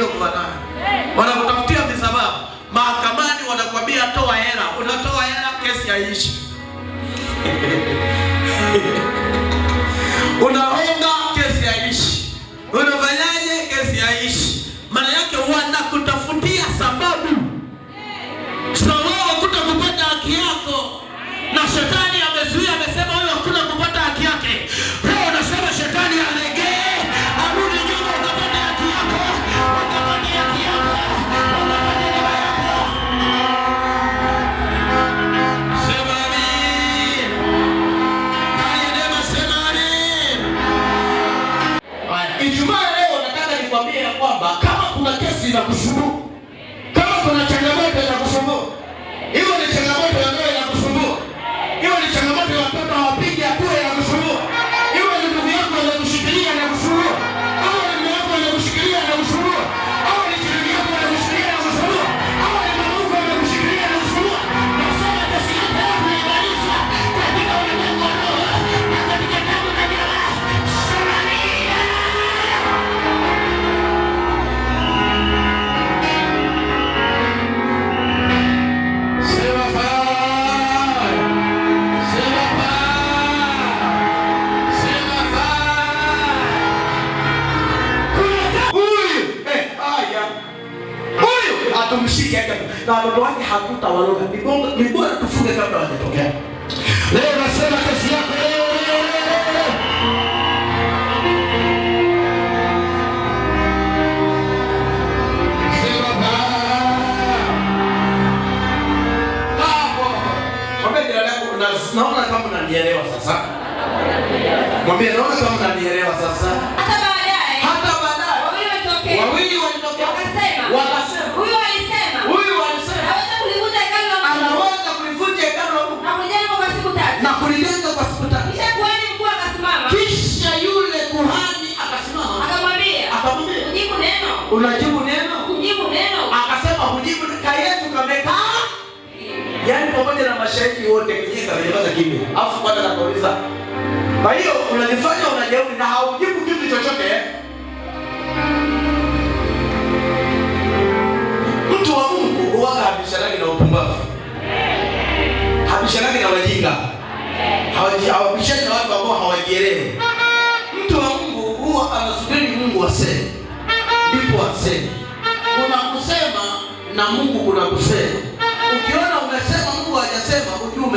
waliokuwa nayo. Wanakutafutia visababu. Mahakamani wanakwambia toa hela, unatoa hela, kesi haiishi. Unaonga, kesi haiishi. Unafanya utawaloga ni bora tufunge kabla hawajatokea. shahidi wote kijiji kamenyamaza kimya, alafu kwanza nakuuliza. Kwa hiyo unajifanya unajeuri na haujibu kitu chochote. Eh? Mtu wa Mungu huwaga habishanagi na upumbavu, habishanagi na wajinga, hawabishani na watu ambao hawajielewi. Mtu wa Mungu huwa anasubiri Mungu aseme, ndipo aseme. Kuna kusema na Mungu kuna kusema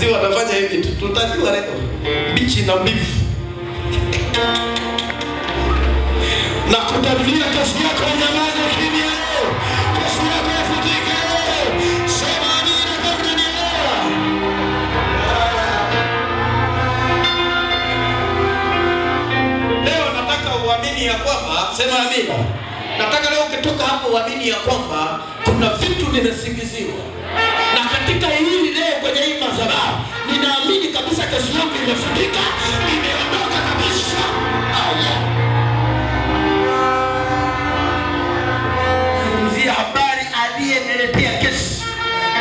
si watafanya hivi tutajua leo, bichi na mbivu, na kutafutia kasi yako unyamaze kimya, nataka uamini ya kwamba, sema amina. Nataka leo ukitoka hapo uamini ya kwamba kuna vitu nimesingiziwa na katika hili leo kwenye hii madhabahu ninaamini kabisa kesi yangu imefutika, imeondoka kabisa. Zungumzia habari aliyeniletea kesi.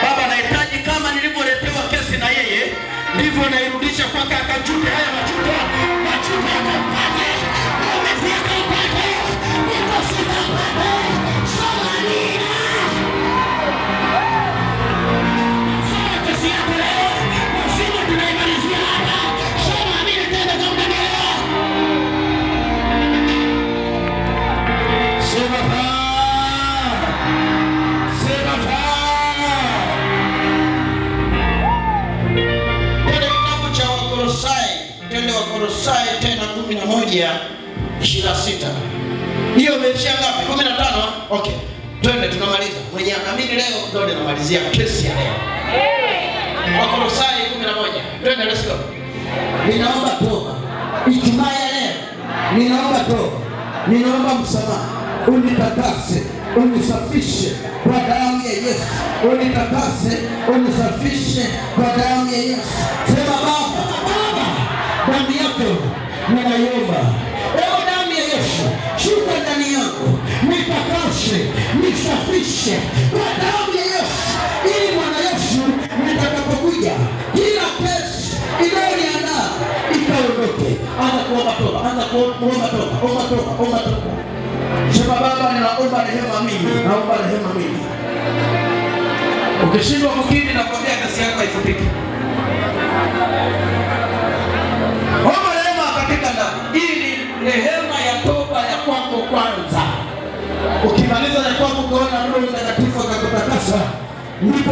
Baba, nahitaji kama nilivyoletewa kesi na yeye ndivyo nairudisha kwa 126. Hiyo imeishia ngapi? 15. Okay. Twende tunamaliza. Mwenye akamini leo ndio tunamalizia kesi ya leo. Eh. Wakolosai 11. Twende let's go. Ninaomba toba. Ijumaa ya leo. Ninaomba toba. Ninaomba msamaha. Unitakase, unisafishe kwa damu ya Yesu. Unitakase, unisafishe kwa damu ya Yesu. Sema Baba, Baba. Damu ninaiomba ewe damu ya Yesu, shuka ndani yangu, nitakashe, nisafishe kwa damu ya Yesu, ili mwana Yesu nitakapokuja kila pesa inayoniandaa ikaondoke. Anza kuomba toba, anza kuomba toba, omba toba, omba toba. Sema Baba, ninaomba rehema mimi, naomba rehema mimi. Ukishindwa kukiri, nakwambia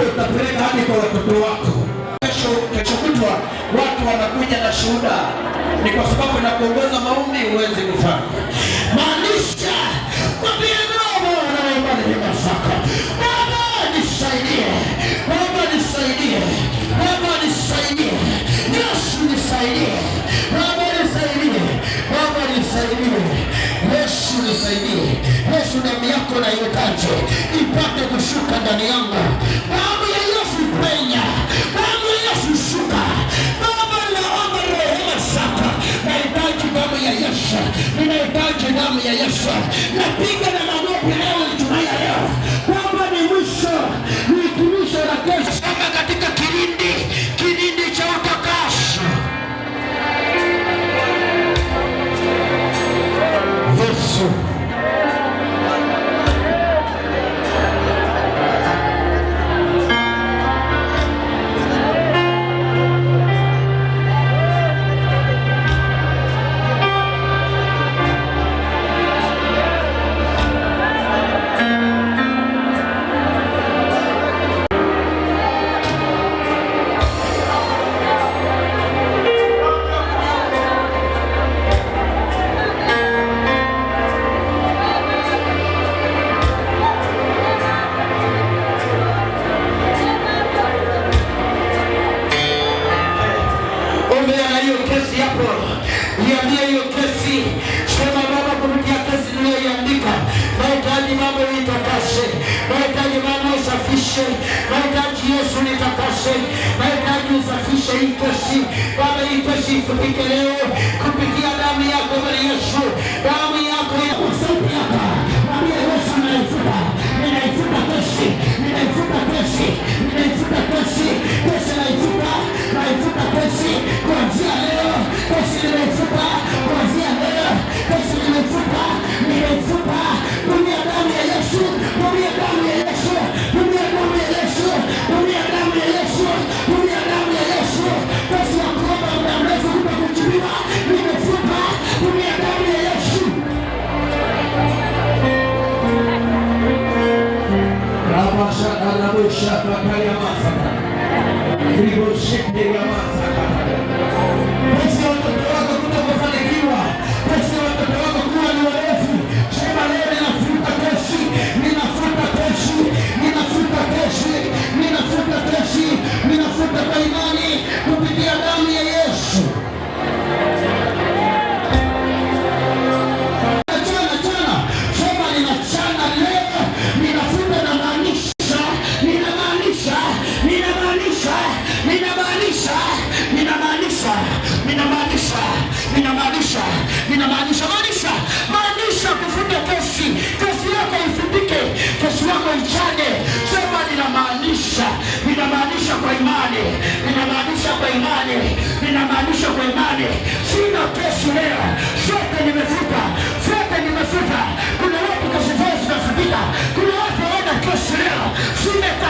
wewe utapeleka hadi kwa watoto wako. Kesho kesho kutwa watu wanakuja na shuhuda, ni kwa sababu inakuongoza maombi uweze kufanya maanisha Baba nisaidie, Baba nisaidie, Baba nisaidie, Yesu nisaidie, Baba nisaidie, Baba nisaidie, nisaidie, ipate kushuka ndani yangu. Napiga na magoti yanayoitumia leo kwamba ni mwisho, ni hitimisho la kesho. Soma katika kilindi, kilindi cha utakaso. Yesu Nahitaji mama nitakase, nahitaji mama usafishe, nahitaji Yesu nitakase, nahitaji usafishe. Itoshi Baba, itoshi ifupike leo kupitia damu yako Bwana Yesu, damu yako ya kusudi hapa. Mwambie Yesu, ninaifuta, ninaifuta ninaifuta toshi will masaka tulivyoshetea vinamaanisha maanisha maanisha kufuta kesi, kesi yako ifutike, kesi yako ichane. Sema linamaanisha, linamaanisha kwa imani, linamaanisha kwa imani, linamaanisha kwa imani. Sina kesi leo, zote nimefuta, zote nimefuta. Kuna watu kesi zao zinafutika, kuna watu waona kesi leo. zimeka